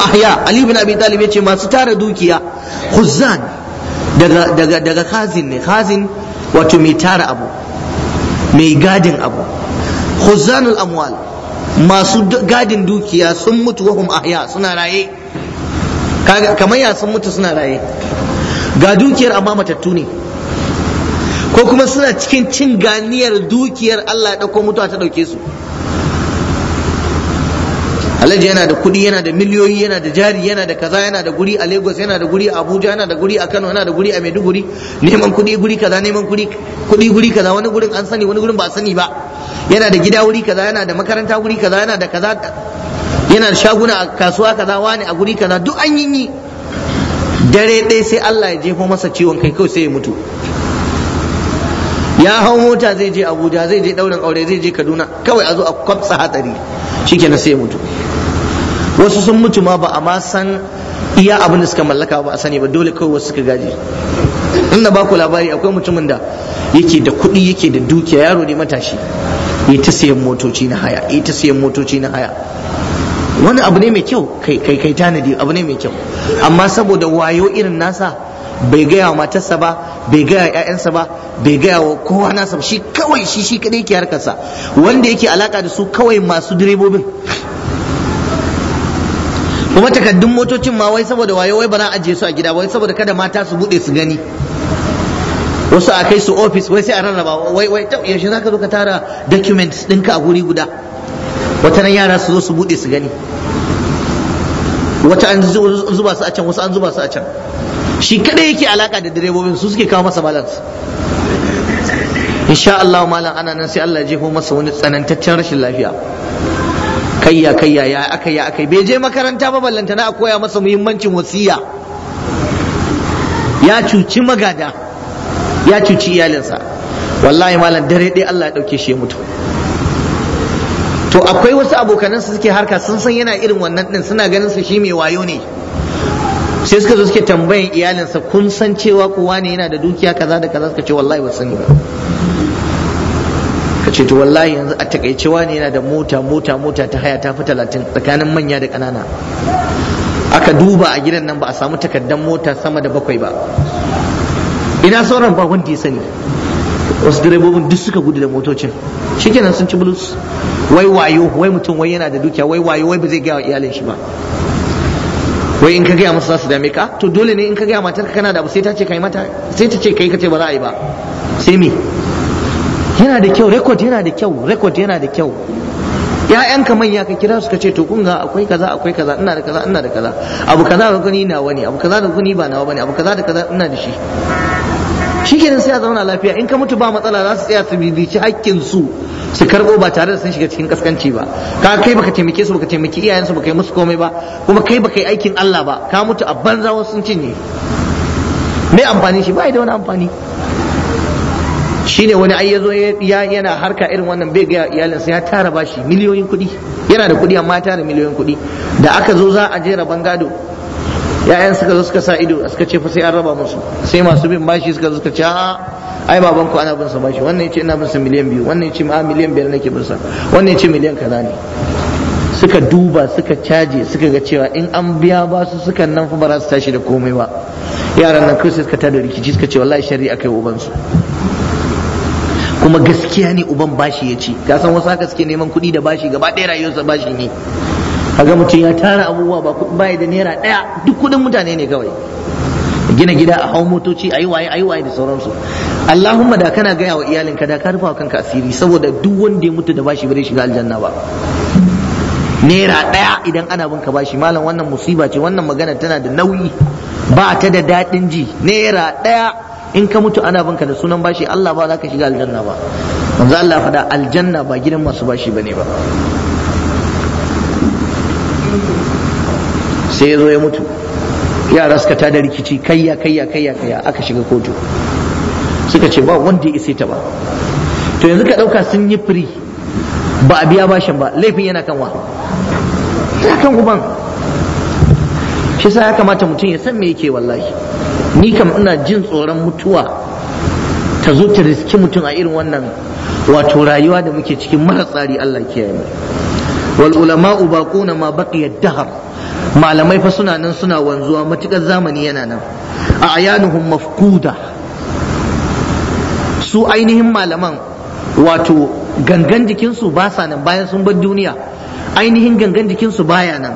ahya ali bin abi talib yace masu tara dukiya khuzan daga daga daga khazin ne khazin wato mai tara abu mai gadin abu khuzanul amwal masu gadin dukiya sun mutu wahum ahya suna raye kamar ya sun mutu suna raye ga dukiyar amma matattu ne ko kuma suna cikin cin ganiyar dukiyar Allah ya dauko mutuwa ta dauke su alhaji yana da kuɗi yana da miliyoyi yana da jari yana da kaza yana da guri a lagos yana da guri a abuja yana da guri a kano yana da guri a maiduguri neman kuɗi guri kaza neman kuɗi kudi guri kaza wani gurin an sani wani gurin ba sani ba yana da gida wuri kaza yana da makaranta guri kaza yana da kaza yana da shaguna a kasuwa kaza wani a guri kaza duk an yi dare ɗaya sai Allah ya jefo masa ciwon kai kawai sai ya mutu ya hau mota zai je abuja zai je ɗaurin aure zai je kaduna kawai a zo a kwatsa hatsari na sai mutu wasu sun mutu ma ba a ma san iya abin da suka mallaka ba a sani ba dole kawai wasu suka gaji inda ba ku labari akwai mutumin da yake da kuɗi yake da dukiya yaro ne matashi ya ta sayan motoci na haya ya ta sayan motoci na haya wani abu ne mai kyau kai kai tanadi abu ne mai kyau amma saboda wayo irin nasa bai gaya wa matarsa ba bai gaya wa ƴaƴansa ba bai gaya wa kowa nasa shi kawai shi shi kadai yake harkarsa wanda yake alaka da su kawai masu direbobin kuma takaddun motocin ma wai saboda wayo wai ba na ajiye su a gida wai saboda kada mata su bude su gani wasu a kai su ofis wai sai a rarraba wai wai yaushe za ka zo ka tara documents ɗinka a guri guda wata nan yara su zo su bude su gani wata an zuba su a can wasu an zuba su a can shi kadai yake alaka da direbobin su suke kawo masa balance insha Allah malam ana nan sai Allah ya jefo masa wani tsanantaccen rashin lafiya kayya kayya ya akai ya akai bai je makaranta ba ballanta a koya masa muhimmancin wasiya ya cuci magada ya cuci iyalinsa wallahi malam dare dai Allah ya dauke shi mutu to akwai wasu abokanan suke harka sun san yana irin wannan din suna ganin su shi mai wayo ne sai suka zo suke tambayan iyalinsa kun san cewa kowa ne yana da dukiya kaza da kaza suka ce wallahi ba sani ba ka ce to wallahi yanzu a takaice ne yana da mota mota mota ta haya ta fi talatin tsakanin manya da ƙanana aka duba a gidan nan ba a samu takardar mota sama da bakwai ba ina sauran ba wanda ya sani wasu direbobin duk suka gudu da motocin shikenan sun ci bulus wai wayo wai mutum wai yana da dukiya wai wayo wai ba zai gaya wa iyalin shi ba wai in ka gaya masu za su dame ka to dole ne in ka gaya matarka kana da abu sai ta ce kai mata sai ta ce kai ka ce ba za a yi ba sai me yana da kyau record yana da kyau record yana da kyau ƴaƴanka manya ka kira su ka ce to kun ga akwai kaza akwai kaza ina da kaza ina da kaza abu kaza da gani nawa ne abu kaza da gani ba nawa bane abu kaza da kaza ina da shi shikenan sai a zauna lafiya in ka mutu ba matsala za su tsaya su bibici hakkin su su karbo ba tare da sun shiga cikin kaskanci ba ka kai baka taimake su baka taimaki iyayensu baka yi musu komai ba kuma kai baka yi aikin Allah ba ka mutu a banza wasu sun cinye me amfani shi ba da wani amfani shine wani ai yazo yana harka irin wannan bai ga iyalinsa ya tara bashi miliyoyin kudi yana da kudi amma ya tara miliyoyin kudi da aka zo za a je raban gado ya'yan suka zo suka sa ido suka ce fa sai an raba musu sai masu bin bashi suka zo suka ce a'a ai baban ku ana bin sa bashi wannan yace ina bin sa miliyan biyu wannan yace ma ah, miliyan biyar nake bin sa wannan yace miliyan kaza ne suka duba suka caje suka ga cewa in an biya ba su suka nan fa ba za su tashi da komai ba yaran nan kai suka tada rikici suka ce wallahi shari'a kai uban su kuma gaskiya ne uban bashi ya ci ka san wasu haka suke neman kuɗi da bashi gaba ɗaya rayuwarsa bashi ne kaga mutum ya tara abubuwa ba bai da naira ɗaya duk kuɗin mutane ne kawai gina gida a hau motoci a yi waye a yi waye da sauransu Allahumma da kana gaya wa iyalinka da ka rufa kanka asiri saboda duk wanda ya mutu da bashi bare shiga aljanna ba naira ɗaya idan ana bin ka bashi malam wannan musiba ce wannan magana tana da nauyi ba ta da daɗin ji naira daya in ka mutu ana bin ka da sunan bashi Allah ba za ka shiga aljanna ba manzo Allah fada aljanna ba gidan masu bashi bane ba sai ya zo ya mutu yara suka da rikici kayya kayya kayya kayya aka shiga kotu suka ce ba wanda ya isa ta ba to yanzu ka ɗauka sun yi firi ba a biya bashin ba laifin yana kan wa kan guban shi sa ya kamata mutum ya san me yake wallahi ni kam ina jin tsoron mutuwa ta zo ta riski mutum a irin wannan wato rayuwa da muke cikin mara tsari Allah kiyaye wal ulama ubaquna ma baqiya dahar malamai fa suna nan suna wanzuwa matukar zamani yana nan a ayanuhum mafkuda su ainihin malaman wato gangan jikinsu ba sa nan bayan sun bar duniya ainihin gangan jikinsu baya nan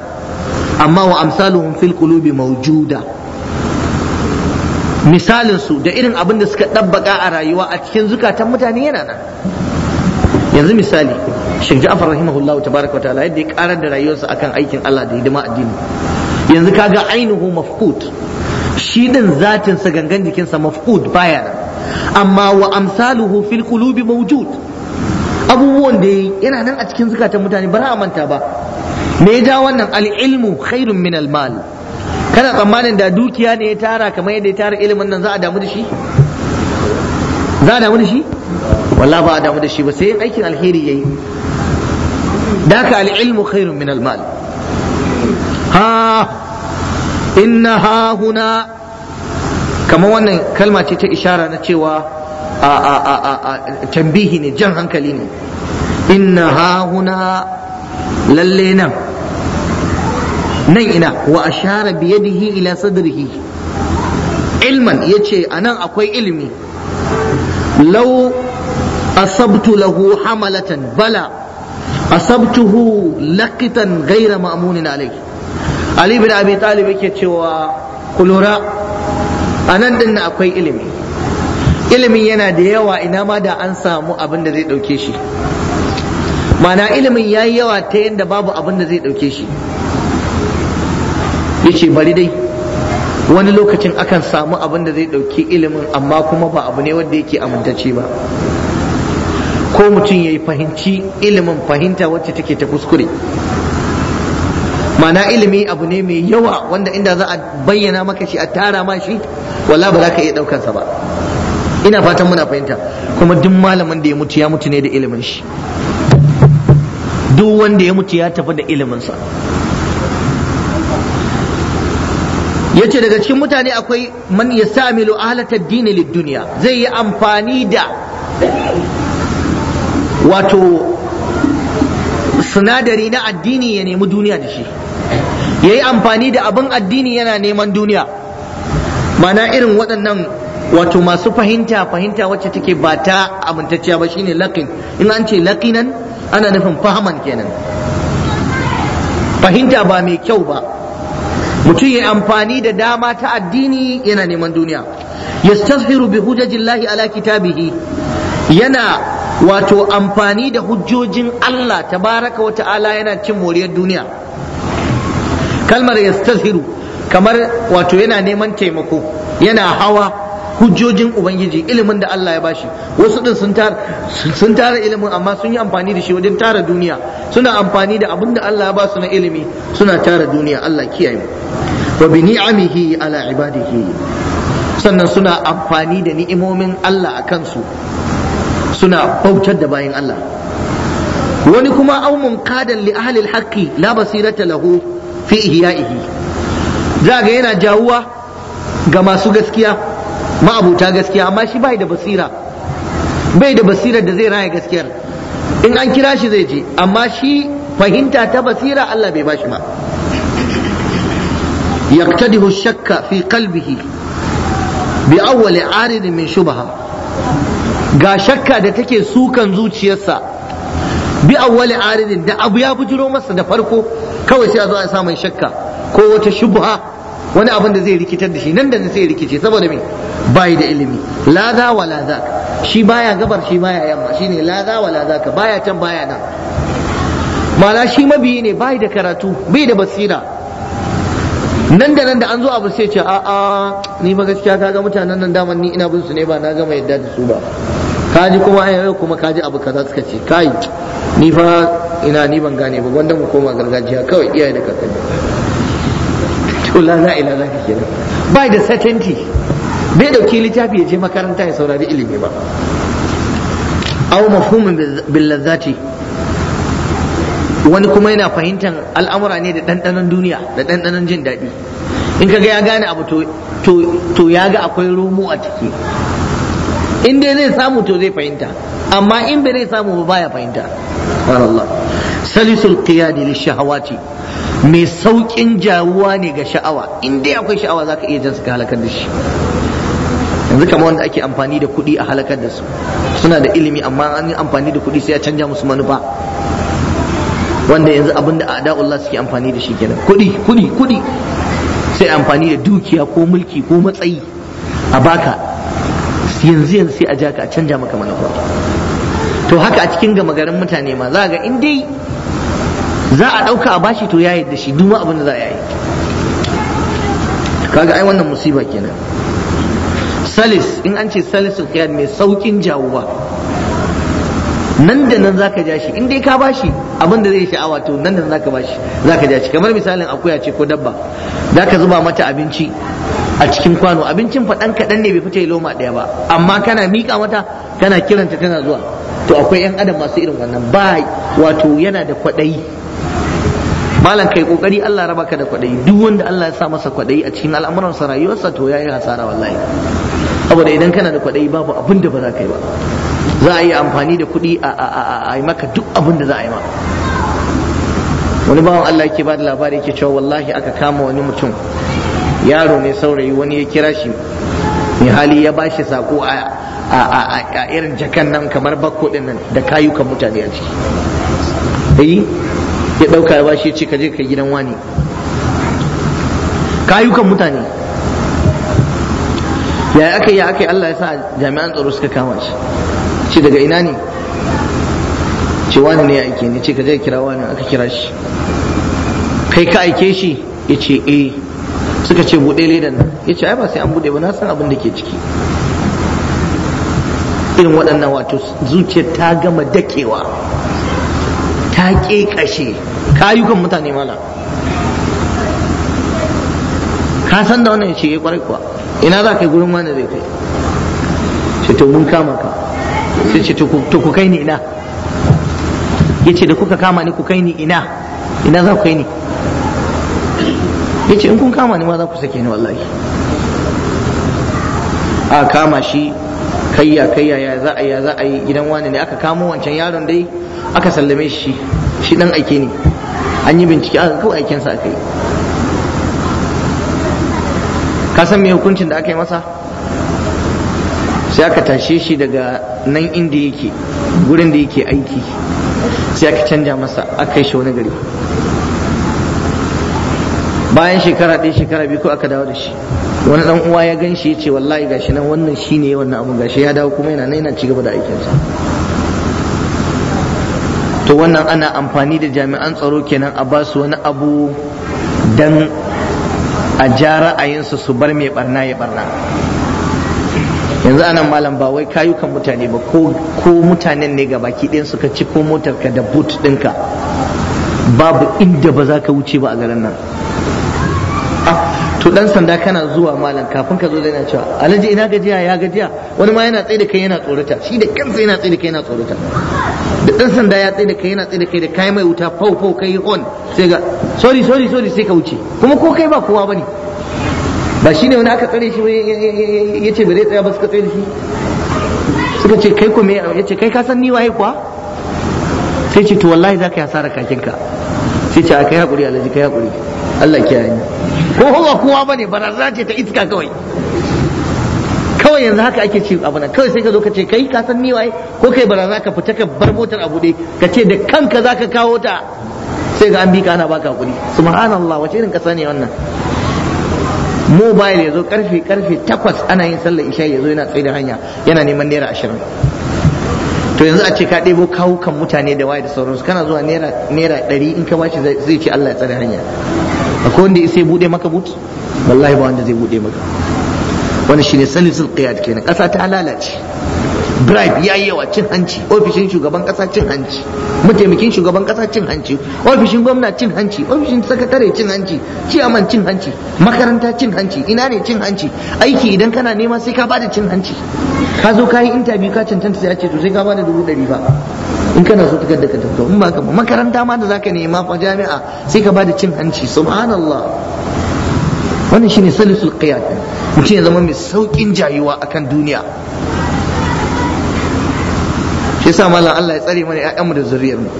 amma wa amsaluhum fil qulubi mawjuda misalin su da irin abin da suka dabbaka a rayuwa a cikin zukatan mutane yana nan yanzu misali Sheikh Ja'far rahimahullahu tabaraka ta'ala yadda ya karar da rayuwarsa akan aikin Allah da hidima addini yanzu kaga ainihu mafqud shi din zatin sa gangan jikinsa mafqud baya nan amma wa amsaluhu fil qulubi mawjud abubuwan da yana nan a cikin zukatan mutane ba a manta ba me ya ja wannan al-ilmu khairun min al-mal kana tsammanin da dukiya ne ya tara kamar yadda ya tara ilimin nan za a damu da shi za a damu da shi wallahi ba a damu da shi ba sai aikin alheri yayi daka al-ilmu khairun min al-mal ha inna ha huna kamar wannan kalma ce ta ishara na cewa a a a a tambihi ne jan hankali ne inna hahuna lalle nan nan ina wa ashara biyadihi ila sadrihi ilman yace anan akwai ilimi law asabtu lahu hamalatan bala asabtuhu laqitan ghayra ma'munin alayhi ali bin abi talib yake cewa kulura a nan din akwai ilimi Ilimi yana da yawa ina ma da an samu abin da zai ɗauke shi mana ilimin ya yi yawa ta yadda babu abin da zai ɗauke shi ya ce bari dai wani lokacin akan samu abin da zai ɗauki ilimin amma kuma ba abu ne wanda yake amintacce ba ko mutum ya fahimci ilimin fahimta wacce take ta kuskure mana ilimi abu ne mai yawa wanda inda za a bayyana maka shi a tara ma shi wala ba za ka iya sa ba ina fatan muna fahimta kuma duk malamin da ya mutu ya mutu ne da ilimin shi duk wanda ya mutu ya tafi da iliminsa ya ce daga cikin mutane akwai man ya samilu ahlatar dini duniya zai yi amfani da wato sinadari na addini ya nemi duniya da shi yayi amfani da abin addini yana neman duniya mana irin waɗannan wato masu fahimta fahimta wacce take ba ta amintacciya ba shine laqin in an ce laqinan ana nufin fahaman kenan fahimta ba mai kyau ba mutum ya amfani da dama ta addini yana neman duniya yastazhiru bi lahi ala kitabihi yana wato amfani da hujjojin Allah tabaraka wa ta'ala yana cin moriyar duniya kalmar yastaziru kamar wato yana neman taimako yana hawa hujjojin ubangiji ilimin da Allah ya bashi wasu din sun tara sun tara ilimin amma sun yi amfani da shi wajen tara duniya suna amfani da abin da Allah ya ba su na ilimi suna tara duniya Allah kiyaye mu wa bi ni'amihi ala ibadihi sannan suna amfani da ni'imomin Allah a kansu suna bautar da bayin Allah wani kuma aumun kadan li ahli alhaqi la basirata lahu fi ihya'ihi za ga yana jawuwa ga masu gaskiya ma'abuta gaskiya amma shi bai da basira bai da basirar da zai raya gaskiyar in an kira shi zai je amma shi fahimta ta basira Allah bai bashi ba yaqtadihu shakka fi qalbihi bi awwal arid min shubha ga shakka da take sukan zuciyarsa bi awwali aridin da abu ya bujiro masa da farko kawai sai a zo a sa mai shakka ko wata shubha wani abin da zai rikitar da shi nan da zai rikice saboda me bai da ilimi la za wa la za shi baya gabar shi baya yamma shine la za wa la za ka baya can baya nan mala shi mabiyi ne bai da karatu bai da basira nan da nan da an zo abu sai ce a a ni ma gaskiya kaga mutanen nan daman ni ina bin su ne ba na gama yadda da su ba kaji kuma ai yau kuma kaji abu kaza suka ce kai ni fa ina ni ban gane ba wanda mu koma gargajiya kawai iyaye da kakanni to la la ilaha nan. bai da certainty bai dauki littafi ya je makaranta ya saurari ilimi ba aw mafhumin bil ladzati wani kuma yana fahimtar al'amura ne da ɗanɗanon duniya da ɗanɗanon jin daɗi in kaga ya gane abu to ya ga akwai romo a ciki in dai zai samu to zai fahimta amma in bai zai samu ba ya fahimta Allah salisul qiyadi shahawati mai saukin jawuwa ne ga sha'awa in dai akwai sha'awa zaka iya jansa ka halakar da shi yanzu kamar wanda ake amfani da kuɗi a halakar da su suna da ilimi amma an yi amfani da kuɗi sai ya canja musu manufa wanda yanzu abin da ada'ullah suke amfani da shi kenan kuɗi kuɗi kuɗi sai amfani da dukiya ko mulki ko matsayi a baka yanzu yanzu sai a ja ka a canja maka manufa to haka a cikin gama garin mutane ma za ga in dai za a ɗauka a bashi to ya yadda shi duma abin da za a yi kaga ai wannan musiba kenan salis in an ce salis qiyad mai saukin jawuwa nan da nan zaka ja shi in dai ka bashi abin da zai sha'awa to nan da nan zaka bashi zaka ja shi kamar misalin akuya ce ko dabba zaka zuba mata abinci a cikin kwano abincin faɗan kaɗan ne bai fita loma ɗaya ba amma kana miƙa mata kana kiranta tana zuwa to akwai 'yan adam masu irin wannan ba wato yana da kwaɗayi malam kai kokari Allah raba ka da kwaɗayi duk wanda Allah ya sa masa kwaɗayi a cikin al'amuransa rayuwarsa to yayi hasara wallahi saboda idan kana da kwaɗayi babu abin da ba za ka yi ba za a yi amfani da kuɗi a yi maka duk abin da za a yi ma wani bawan Allah yake ba da labari yake cewa wallahi aka kama wani mutum yaro ne saurayi wani ya kira shi mai hali ya bashi sako a irin jakan nan kamar bakko din nan da kayukan mutane a ciki yi ya ɗauka ya bashi ya ce kaje kai ka gidan wani kayukan mutane ya aka yi aka yi Allah ya sa jami'an tsaro suka kama shi ce daga ina ne ce wani ne ya aike ne ce ka kira wani aka kira shi kai ka aike shi ya ce eh suka ce buɗe ledan nan ya ce ai ba sai an buɗe ba na san abin da ke ciki irin waɗannan wato zuciyar ta gama dakewa ta ƙashe kayukan mutane mala ka san da wannan ce ya eh, kwarai kuwa ina za ka yi gurin wani zai kai ce to mun kama ka sai ce to ku kai ni ina ya ce da kuka kama ni ku kai ni ina ina za ku kai ni ya ce in kun kama ni ma za ku sake ni wallahi a kama shi kayya kayya ya za a yi ya za a yi gidan wani ne aka kamo wancan yaron dai aka sallame shi shi dan aike ne an yi bincike aka kawai aikensa aka yi ka san me hukuncin da aka yi masa sai aka tashe shi daga nan inda yake gurin da yake aiki sai aka canja masa aka yi shi wani gari bayan shekara ɗaya shekara biyu ko aka dawo da shi wani ɗan uwa ya gan shi ya ce wallahi gashi nan wannan shi ne wannan abun gashi ya dawo kuma yana nan yana ci gaba da aikinsa to wannan ana amfani da jami'an tsaro kenan a ba su wani abu dan a ja ra'ayinsu su bar mai barna ya barna yanzu anan malam ba wai kayukan mutane ba ko mutanen ne ga baki ɗin suka ci ko ka da boot ɗinka babu inda ba za ka wuce ba a garin nan Ah, to dan sanda kana zuwa malam kafin ka zo da yana cewa alhaji ina gajiya ya gajiya wani ma yana tsaye da kai yana tsorata shi da kansa yana tsaye da kai yana tsorata da dan sanda ya tsaye da kai yana tsaye da kai da kai mai wuta fau fau kai on sai ga sorry sorry sorry sai ka wuce kuma ko kai ba kowa bane ba shine wani aka tsare shi yace bare tsaya ba suka tsare shi suka ce kai ko me yace kai ka san ni waye kuwa sai ce to wallahi zaka yi kakin kakinka sai ce a kai hakuri alhaji kai hakuri Allah kiyaye ko ba kowa bane barazana ce ta iska kawai kawai yanzu haka ake ci abu nan kawai sai ka zo ka ce kai ka san ni waye ko kai barazana ka fita ka bar motar a bude ka ce da kanka zaka kawo ta sai ga an bi ka ana baka kudi subhanallah wace irin kasa ne wannan mobile yazo zo karfe karfe takwas ana yin sallar isha ya yana tsaye da hanya yana neman naira ashirin to yanzu a ce ka ɗebo kawukan mutane da waye da sauransu kana zuwa naira ɗari in ka bashi zai ce Allah ya tsare hanya akwai wanda sai bude maka but wallahi ba wanda zai bude maka wannan shine salisul qiyad kenan kasa ta lalace bribe ya yi yawa cin hanci ofishin shugaban kasa cin hanci mataimakin shugaban kasa cin hanci ofishin gwamna cin hanci ofishin sakatare cin hanci ciyaman cin hanci makaranta cin hanci ina ne cin hanci aiki idan kana nema sai ka bada cin hanci ka zo ka yi interview ka cancanta sai a ce to sai ka bada dubu ɗari ba in kana so da ka tafi in ba makaranta ma da zaka nema fa jami'a sai ka bada cin hanci subhanallah wannan shine salisul qiyad mutum ya zama mai saukin jayuwa akan duniya shi yasa mala Allah ya tsare mana ƴaƴanmu da zuriyarmu? mu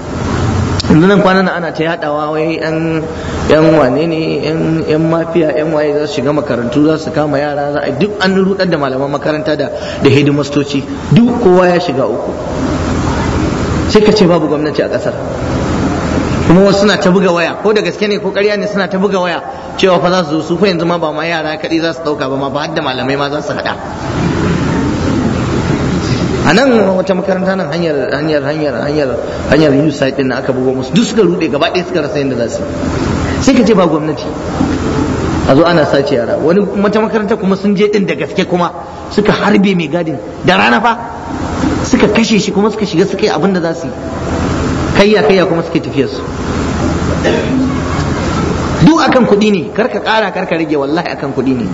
yanzu nan kwanan ana ta yadawa wai ƴan yan wane ne mafiya yan waye za su shiga makarantu za su kama yara za a duk an rudar da malaman makaranta da da hidimastoci duk kowa ya shiga uku sai ka ce babu gwamnati a kasar kuma wasu suna ta buga waya ko da gaske ne ko ƙarya ne suna ta buga waya cewa fa za su zo su fa yanzu ma ba ma yara kaɗai za su ɗauka ba ma ba har da malamai ma za su haɗa a nan wata makaranta nan hanyar hanyar hanyar hanyar hanyar site din aka bugo musu duk suka rude gaba ɗaya suka rasa yadda za su sai ka ce ba gwamnati a zo ana sace yara wani wata makaranta kuma sun je din da gaske kuma suka harbe mai gadin da rana fa suka kashe shi kuma suka shiga suka yi abin da za su yi kayya kayya kuma suke tafiyar su duk akan kuɗi ne karka ƙara karka rage wallahi akan kuɗi ne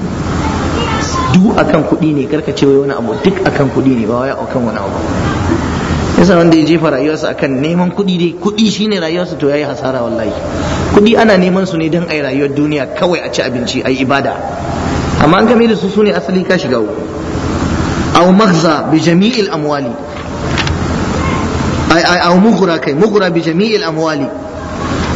duk akan kuɗi ne karka ce wani abu duk akan kuɗi ne ba wai akan wani abu yasa wanda ya jefa rayuwarsa akan neman kuɗi dai kuɗi shine rayuwarsa to yayi hasara wallahi kuɗi ana neman su ne don ai rayuwar duniya kawai a ci abinci ai ibada amma an game da su sune asali ka shiga uku aw maghza bi jami'il amwali ai ai aw mughra kai mughra bi jami'il amwali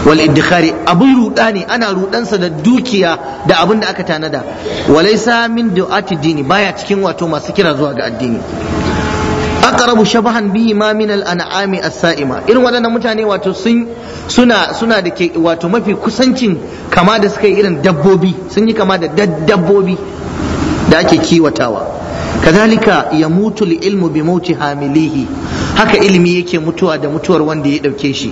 wal iddikhari abun ruɗa ne ana ruɗansa da dukiya da abin da aka tanada walaysa min du'ati dini baya cikin wato masu kira zuwa ga addini aqrabu shabahan bihi ma min al an'ami as-sa'ima irin waɗannan mutane wato sun suna suna da ke wato mafi kusancin kama da suka yi irin dabbobi sun yi kama da dabbobi da ake kiwatawa kazalika yamutu li ilmu bi mauti hamilihi haka ilimi yake mutuwa da mutuwar wanda ya dauke shi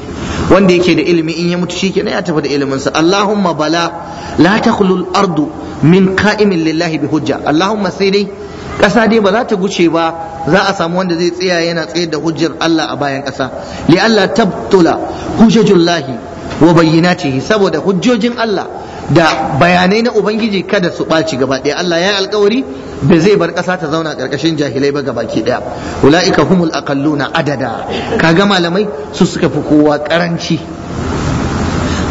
wanda yake da ilimi in ya mutu shi kenan ya tafi da ilimin sa Allahumma bala la takhlu ardu min qa'imin lillahi bi hujja Allahumma sai dai ƙasa dai ba za ta guce ba za a samu wanda zai tsaya yana tsayar da hujjar Allah a bayan ƙasa li Allah tabtula hujjajullahi wa bayyinatihi saboda hujjojin Allah da bayanai na ubangiji kada su ɓaci gaba ɗaya Allah ya yi alkawari ba zai bar ƙasa ta zauna ƙarƙashin jahilai ba gabaki ɗaya ula'ika humul aqalluna adada kaga malamai su suka fi kowa ƙaranci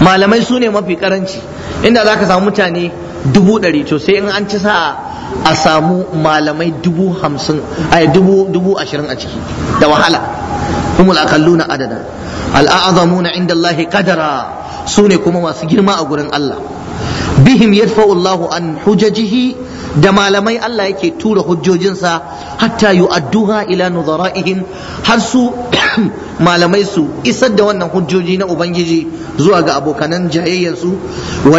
malamai su ne mafi ƙaranci inda za ka samu mutane dubu ɗari to sai in an ci sa'a a samu malamai dubu hamsin a dubu ashirin a ciki da wahala humul aqalluna adada al'azamuna inda Allah kadara, su ne kuma masu girma a gurin Allah bihim yadfa'u Allah an hujajihi da malamai Allah yake tura hujjojinsa hatta yu'adduha ila nuzara'ihim har su malamai su isar da wannan hujjoji na ubangiji zuwa ga abokanan jayayyarsu wa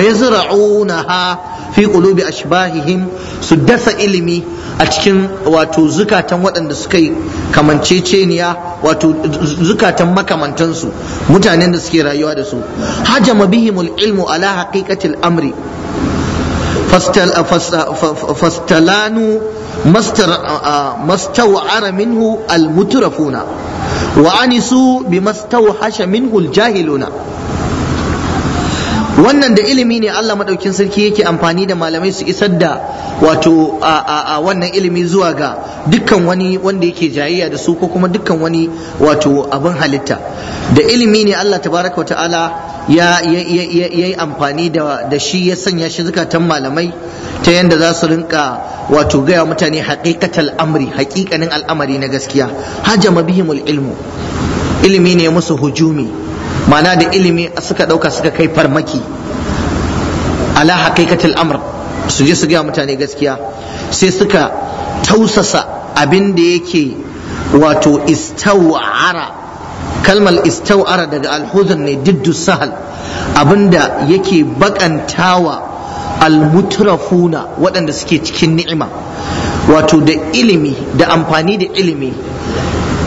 ha? fi qulubi ashbahihim su dasa ilimi a cikin wato zukatan waɗanda suka yi kamanceceniya wato zukatan makamantansu mutanen da suke rayuwa da su hajama bihimul ilmu ala hakikatil amri فاستلانوا ما استوعر منه المترفون وأنسوا بما استوحش al-jahiluna. wannan da ilimi ne Allah madaukin sarki yake amfani da malamai su isar da wato a wannan ilimi zuwa ga dukkan wani wanda yake jayayya da su ko kuma dukkan wani wato abin halitta da ilimi ne Allah tabaraka wa ta'ala ya yi amfani da shi ya sanya shi zukatan malamai ta yadda za su rinka wato gaya mutane haqiqatal amri haƙiƙanin al'amari na gaskiya hajjama bihimul ilmu ilimi ne musu hujumi mana da ilimi suka ɗauka suka kai farmaki ala haƙiƙatul amr su je su gaya mutane gaskiya sai suka tausasa abin da yake wato istawara kalmar istawara daga alhuzan ne diddu sahal abinda yake bakantawa almutrafuna waɗanda suke cikin ni'ima wato da ilimi da amfani da ilimi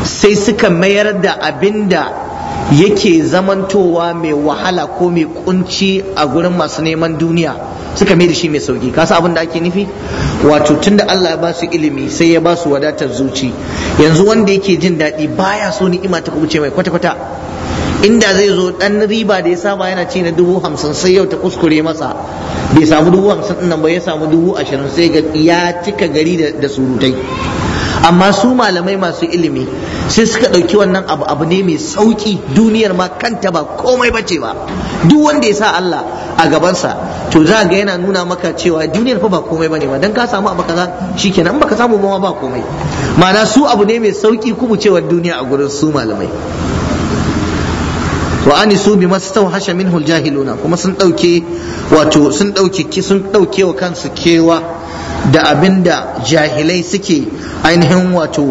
sai suka mayar da abinda yake zamantowa mai wahala ko mai kunci a gurin masu neman duniya suka mai da shi mai sauki kasa abin da ake nufi wato tunda Allah ya ba su ilimi sai ya ba su wadatar zuci yanzu wanda yake jin daɗi baya so ni'ima ta kubuce mai kwata-kwata inda zai zo dan riba da ya saba yana ci na dubu hamsin sai yau ta kuskure masa bai samu dubu hamsin nan ba ya samu dubu ashirin sai ya cika gari da surutai amma su malamai masu ilimi sai suka ɗauki wannan abu abu ne mai sauki duniyar ma kanta ba komai bace ba duk wanda ya sa Allah a gabansa to za ga yana nuna maka cewa duniyar fa ba komai bane ba dan ka samu abu kaza shikenan baka samu ba ba komai ma'ana su abu ne mai sauki cewa duniya a gurin su malamai wa anisu bi hasha minhu aljahiluna kuma sun ɗauke wato sun dauke sun wa kansu kewa da abinda jahilai suke ainihin wato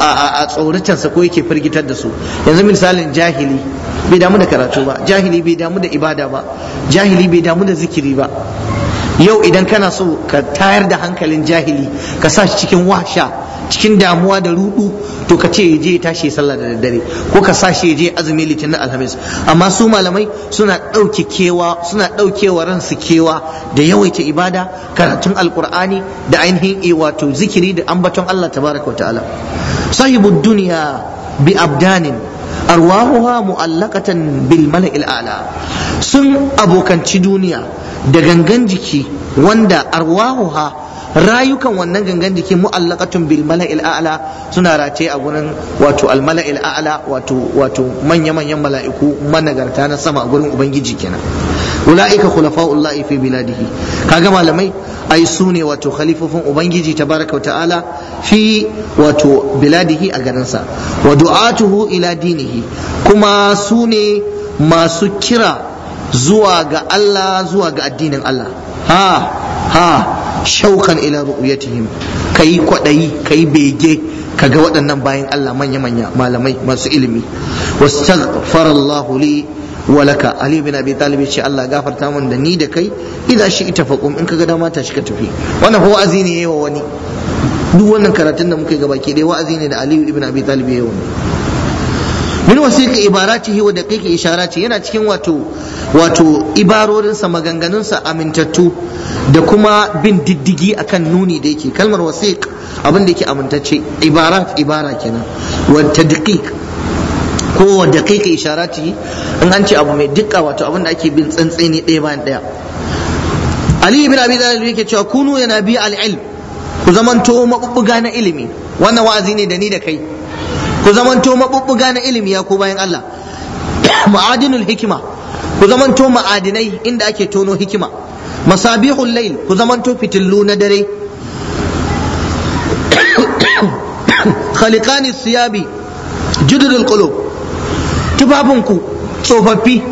a tsoratansa ko yake firgitar da su yanzu misalin jahili bai damu da karatu ba jahili bai damu da ibada ba jahili bai damu da zikiri ba yau idan kana so ka tayar da hankalin jahili ka sa shi cikin washa cikin damuwa da rudu to ka ce ya je ya tashi sallah da daddare ko ka sa shi ya je azumi litinin alhamis amma su malamai suna ɗauke kewa suna ɗaukewa ransu kewa da yawaita ibada karatun alkur'ani da ainihin eh, wato zikiri da ambaton Allah tabaraka wa ta'ala sahibud dunya bi abdanin arwahuha mu'allaqatan bil mala'il a'la sun abokanci duniya da gangan jiki wanda arwahuha rayukan wannan gangan jiki mu'allaqatun bil mala'il a'la suna rataye a gurin wato al mala'il a'la wato wato manya manyan mala'iku managarta na sama a gurin ubangiji kenan ulaika khulafa'ullahi fi biladihi kaga malamai ai su wato khalifofin ubangiji tabaraka wa ta'ala fi wato biladihi a garinsa wa du'atuhu ila dinihi kuma sune masu kira zuwa ga Allah zuwa ga addinin Allah ha ha shaukan ila ru'yatihim kai kwadayi kai bege kaga waɗannan bayan Allah manya manya malamai masu ilimi wastaghfara Allahu li wa laka Ali bin Abi Talib ce Allah gafarta mun da ni da kai idan shi ita faqum in kaga dama ta shika ka tafi wannan ko wa'azi ne wa wani duk wannan karatun da muka yi gabaki dai wa'azi ne da Ali ibn Abi Talib yayi wani min wasiqi ibaratihi wa daqiqi isharati yana cikin wato wato ibarorinsa maganganunsa amintattu da kuma bin diddigi akan nuni da yake kalmar wasiq abin da yake amintacce ibarat ibara kenan wa tadqiq ko wa daqiqi isharati in an ce abu mai dukka wato abin da ake bin tsantseni ɗaya bayan ɗaya ali ibn abi talib yake cewa kunu yana bi al-ilm ku zamanto mabubbuga na ilimi wannan wa'azi ne da ni da kai ku zamanto maɓuɓɓuga na ilimi ya ku bayan Allah ma'adinul hikima ku to ma'adinai inda ake tono hikima masabihul lail ku to fitillu na dare khaliqani siyabi jududul qulub ku tsofaffi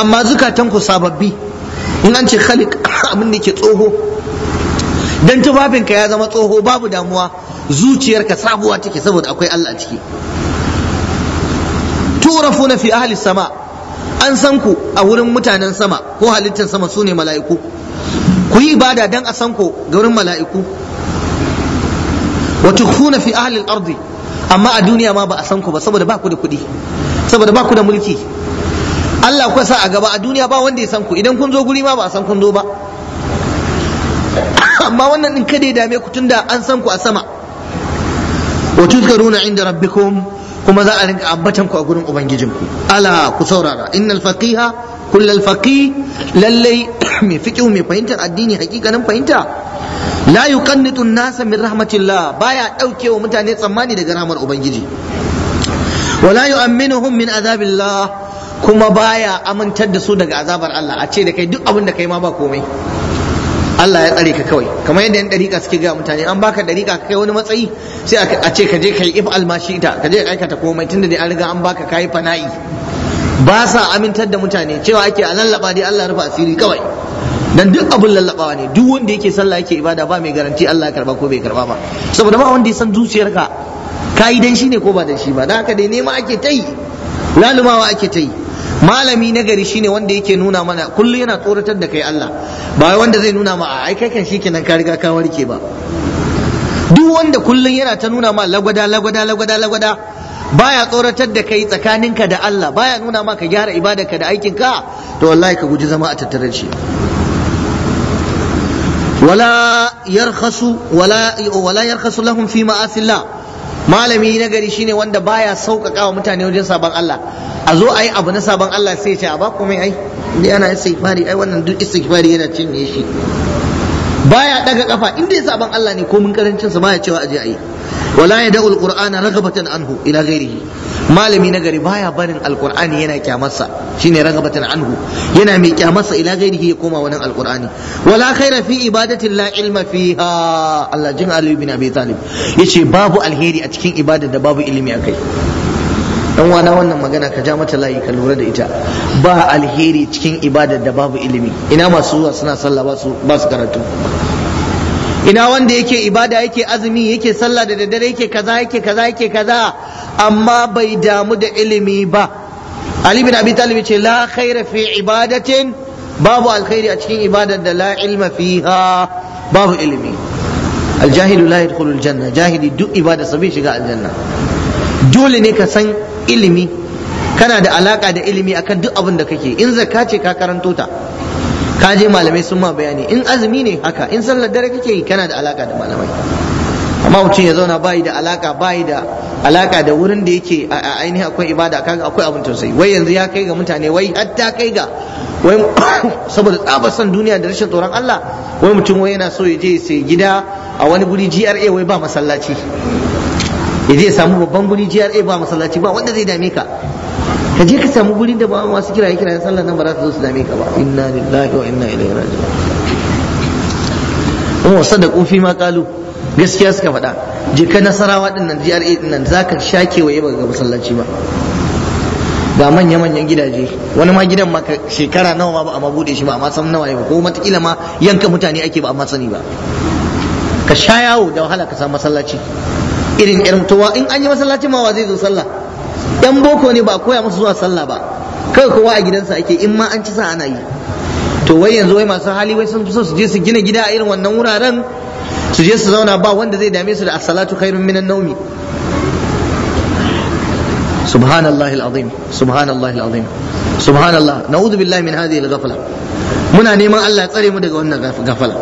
amma zukatanku sababbi in an ce khaliq abin da ke tsoho dan tufafinka ya zama tsoho babu damuwa zuciyarka sabuwa take saboda akwai Allah a ciki turafuna fi ahli sama an san ku a wurin mutanen sama ko halittar sama su ne mala'iku ku yi ibada dan a san ku ga wurin mala'iku wa tukhuna fi ahli al-ardi amma a duniya ma ba a san ku ba saboda ba ku da kuɗi saboda ba ku da mulki Allah ku sa a gaba a duniya ba wanda ya san ku idan kun zo guri ma ba a san kun zo ba amma wannan din kada ya dame ku tunda an san ku a sama wa tuzkaruna inda rabbikum kuma za a rinka ambatan ku a gurin ubangijinku ala ku saurara innal faqiha kullal faqi lallai mai fiqhu mai fahimtar addini hakikanin fahimta la yuqannitu an-nasa min rahmatillah baya daukewa mutane tsammani daga rahmar ubangiji wala yu'minuhum min azabillah kuma baya amintar da su daga azabar Allah a ce da kai duk abin da kai ma ba komai Allah ya tsare ka kawai kamar yadda yan dariƙa suke ga mutane an baka dariƙa kai wani matsayi sai a ce ka je ka yi if ita, ka je ka aikata komai tunda dai an riga an baka kai fana'i ba sa amintar da mutane cewa ake a lallaba dai Allah rufa asiri kawai dan duk abun lallabawa ne duk wanda yake sallah yake ibada ba mai garanti Allah ya karba ko bai karba ba saboda ba wanda ya san zuciyarka ka yi dan shi ne ko ba dan shi ba dan haka dai nema ake ta yi lalumawa ake ta yi malami nagari gari shine wanda yake nuna mana kullum yana tsoratar da kai Allah ba wanda zai nuna ma ai kai kan nan ka riga ka warke ba duk wanda kullun yana ta nuna ma lagwada lagwada lagwada lagwada baya tsoratar da kai tsakaninka da Allah baya nuna ma ka gyara ibadarka da aikinka to wallahi ka guji zama a tattare shi wala yarkhasu wala wala yarkhasu lahum fi ma'asillah malami na gari shine wanda baya sauƙaƙa wa mutane wajen sabon Allah a zo a yi abu na sabon Allah sai ce a ba mai ai inda ana istighfari ai wannan duk istighfari yana cinye shi baya ɗaga kafa inda ya sabon Allah ne ko mun karancin sa baya cewa aje yi. wala ya da'ul qur'ana ragabatan anhu ila ghairihi malami na gari baya barin alqur'ani yana kyamarsa shine ragabatan anhu yana mai kyamarsa ila ghairihi ya koma wannan alqur'ani wala khaira fi ibadati la ilma fiha Allah jin Ali bin Abi Talib yace babu alheri a cikin ibada da babu ilimi akai dan wana wannan magana ka ja mata layi ka lura da ita ba alheri cikin ibadar da babu ilimi ina masu zuwa suna sallah ba su karatu ina wanda yake ibada yake azumi yake sallah da daddare yake kaza yake kaza yake kaza amma bai damu da ilimi ba ali bin abi talib ce la khaira fi ibadatin babu alkhairi a cikin ibada da la ilma fiha babu ilimi aljahilu la yadkhulu aljanna jahili duk ibada sabai shiga aljanna dole ne ka san ilimi kana da alaka da ilimi akan duk abin da kake in zakka ce ka karanto ta ka je malamai sun ma bayani in azumi ne haka in sallar dare kake yi kana da alaka da malamai amma mutum ya zauna bayi da alaka bayi da alaka da wurin da yake a ainihin akwai ibada kaga akwai abin tausayi wai yanzu ya kai ga mutane wai hatta kai ga wai saboda tsabar son duniya da rashin tsoron Allah wai mutum wai yana so ya je sai gida a wani guri GRA wai ba masallaci ya je ya samu babban guri GRA ba masallaci ba wanda zai dame ka ka je ka samu gurin da ba masu kiraye kiraye sallah nan ba za su zo su dame ka ba inna lillahi wa inna ilaihi raji'un kuma sadaqu fi ma qalu gaskiya suka faɗa je ka nasarawa din nan GRA din nan zaka shake waye ba ga masallaci ba ga manya manyan gidaje wani ma gidan ma shekara nawa ba a ma bude shi ba amma san nawa ba ko matakila ma yanka mutane ake ba amma sani ba ka sha yawo da wahala ka samu masallaci irin irin towa in an yi masallaci ma wa zai zo sallah yan boko ne ba koya musu zuwa sallah ba kai kowa a gidansa ake in ma an ci sa ana yi to wai yanzu wai masu hali wai sun so su je su gina gida a irin wannan wuraren su je su zauna ba wanda zai dame su da as-salatu khairun minan naumi subhanallahi al-azim subhanallahi al-azim subhanallah na'udhu billahi min hadhihi al-ghafla muna neman Allah ya tsare mu daga wannan gafala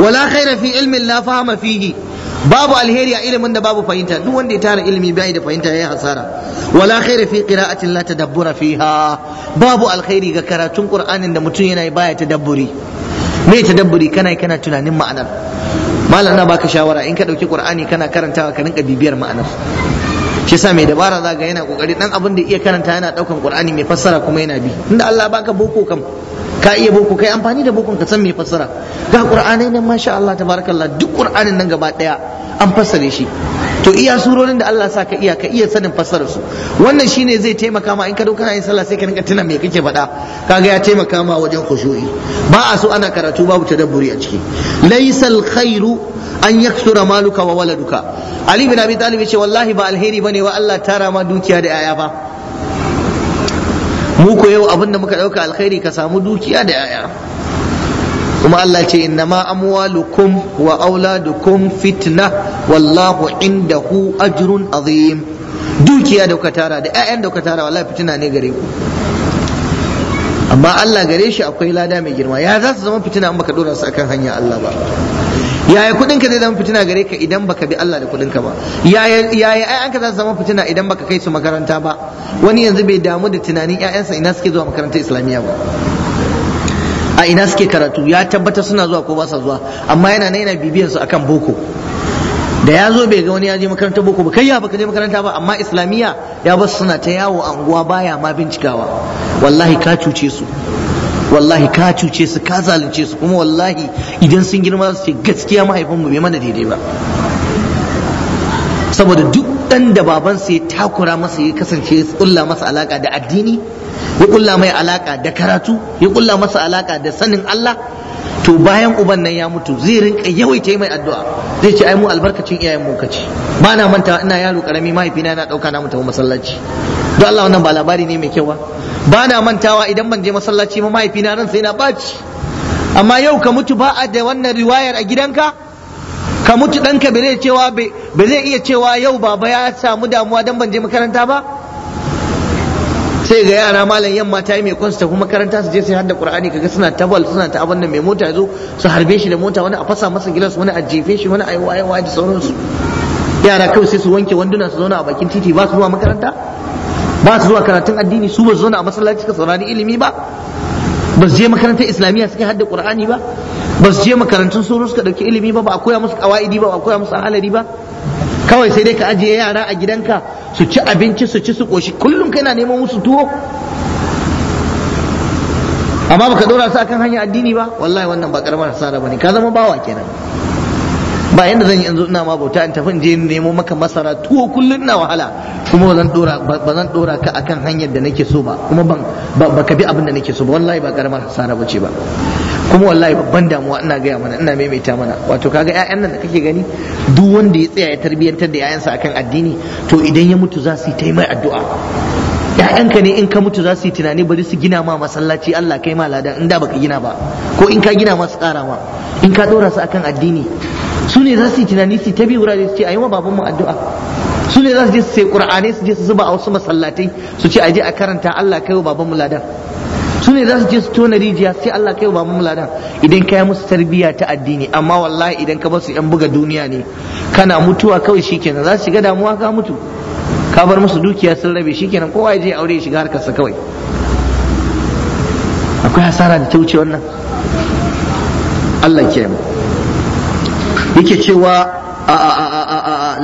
wala khaira fi ilmin la fahama fihi babu alheri a ilimin da babu fahimta duk wanda ya tara ilimi bai da fahimta yayi hasara wala khaira fi qira'atin la tadabbura fiha babu alkhairi ga karatun qur'anin da mutum yana baya tadabburi me tadabburi kana kana tunanin ma'anar malam na baka shawara in ka dauki qur'ani kana karantawa ka rinka bibiyar ma'anar shi yasa mai dabara zaga yana kokari dan abin da iya karanta yana daukan qur'ani mai fassara kuma yana bi inda Allah baka boko kam ka iya boko kai amfani da bokon ka san me fassara ga qur'anai nan masha Allah tabarakallah duk qur'anin nan gaba daya an fassare shi to iya surorin da Allah sa ka iya ka iya sanin fassarar su wannan shine zai taimaka ma in ka kana yin sallah sai ka rinka tuna me kake faɗa kaga ya taimaka ma wajen khushu'i ba a so ana karatu babu tadabburi a ciki laysal khairu an yaksura maluka wa waladuka ali bin abi talib ce wallahi ba alheri bane wa Allah tara ma dukiya da yaya ba mu ko yau abinda da muka ɗauka alkhairi ka samu dukiya da 'ya'ya kuma Allah ce innama amwalukum wa auladukum fitna wallahu indahu ajrun azim dukiya da kuka tara da ƴaƴan da kuka tara wallahi fitina ne gare ku amma Allah gare shi akwai lada mai girma ya za su zama fitina in baka dora su akan hanya Allah ba yaya kudin ka zai zama fitina gare ka idan baka bi Allah da kudin ka ba yaya yaya ai anka za su zama fitina idan baka kai su makaranta ba wani yanzu bai damu da tunanin ƴaƴansa ina suke zuwa makarantar islamiyya ba a ina suke karatu ya tabbatar suna zuwa ko ba sa zuwa amma yana nan yana bibiyar su akan boko da ya zo bai ga wani ya je makarantar boko ba kai ya baka je makaranta ba amma islamiyya ya basu suna ta yawo a unguwa baya ma bincikawa wallahi ka cuce su wallahi ka cuce su ka zalunce su kuma wallahi idan sun girma su ce gaskiya mahaifinmu bai mana daidai ba saboda duk dan da baban su ya takura masa ya kasance ya kulla masa alaka da addini ya kulla mai alaka da karatu ya kulla masa alaka da sanin Allah to bayan uban nan ya mutu zai rinka yawaita mai addu'a zai ce ai mu albarkacin iyayen mu kace ba na manta ina yaro karami mahaifina yana dauka na mutum masallaci don Allah wannan ba labari ne mai kyau ba ba na mantawa idan ban je masallaci ma mahaifina ran sai na baci amma yau ka mutu ba a da wannan riwayar a gidanka ka mutu ɗanka ba zai cewa ba zai iya cewa yau baba ya samu damuwa dan ban je makaranta ba sai ga yara malam yamma ta yi mai kwansu tafi kuma makaranta su je sai hadda qur'ani kaga suna tabal suna ta abin nan mai mota yazo su harbe shi da mota wani a fasa masa gilas wani a jefe shi wani a yi waye waye da sauransu yara kawai sai su wanke wanduna su zauna a bakin titi ba su zuwa makaranta ba su zuwa karatun addini su ba su zauna a masallaci suka saurari ilimi ba ba su je makarantar islamiyya suke hadda qur'ani ba ba su je makarantun soro suka dauki ilimi ba ba a koya musu kawaidi ba ba a koya musu halari ba kawai sai dai ka ajiye yara a gidanka su ci abinci su ci su koshi kullum na neman musu tuwo amma baka dora su akan hanyar addini ba wallahi wannan ba karamar hasara bane ka zama bawa kenan ba yanda zan yanzu ina ma bauta in tafi in je nemo maka masara tuwo kullum ina wahala kuma ba zan dora ba zan dora ka akan hanyar da nake so ba kuma ban ba ka bi abin da nake so ba wallahi ba karamar hasara bace ba kuma wallahi babban damuwa ina gaya mana ina maimaita mana wato kaga ƴaƴan nan da kake gani duk wanda ya tsaya ya tarbiyantar da ƴaƴansa akan addini to idan ya mutu za su yi taimai addu'a ƴaƴanka ne in ka mutu za su yi tunani bari su gina ma masallaci Allah kai ma ladan in da baka gina ba ko in ka gina ma su ƙara ma in ka dora su akan addini su ne za su yi tunani su ta bi wurare su ce a yi wa babanmu addu'a su ne za su je su sai qur'ani su je su zuba a wasu masallatai su ce aje a karanta Allah kai wa babanmu ladan su ne za su je su tona rijiya sai Allah kai wa babanmu ladan idan ka yi musu tarbiyya ta addini amma wallahi idan ka basu yan buga duniya ne kana mutuwa kawai shikenan za su shiga damuwa ka mutu ka bar musu dukiya sun rabe shikenan kowa ya je aure ya shiga harkarsa kawai akwai hasara da ta wuce wannan Allah ke mu yake cewa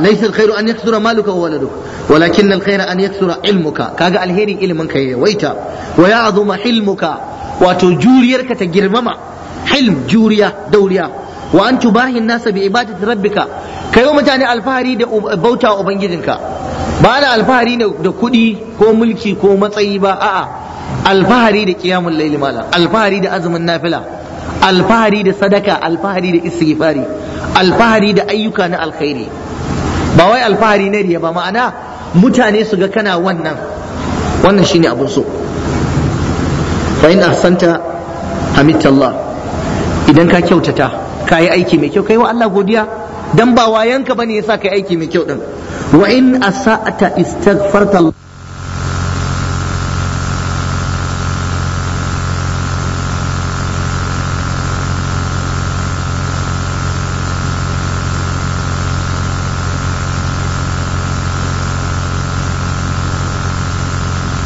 laysa alkhairu an yakthura maluka wa waladuk walakin alkhaira an yakthura ilmuka kaga alherin ilimin ka yawaita wa ya azuma hilmuka wato juriyarka ta girmama hilm juriya dauriya wa an tubahin nasa bi ibadati rabbika kai mutane alfahari da bauta ubangijinka ba na alfahari da kuɗi ko mulki ko matsayi ba a'a alfahari da kiyamun laili alfahari da azumin nafila alfahari da sadaka alfahari da istighfari alfahari da ayyuka na alkhairi ba wai alfahari na riya ba ma'ana mutane su ga kana wannan wannan shine abun so fa in ahsanta Allah idan ka kyautata ka yi aiki mai kyau kai wa Allah godiya dan ba wayanka bane yasa kai aiki mai kyau din wa in asa'ata istaghfarta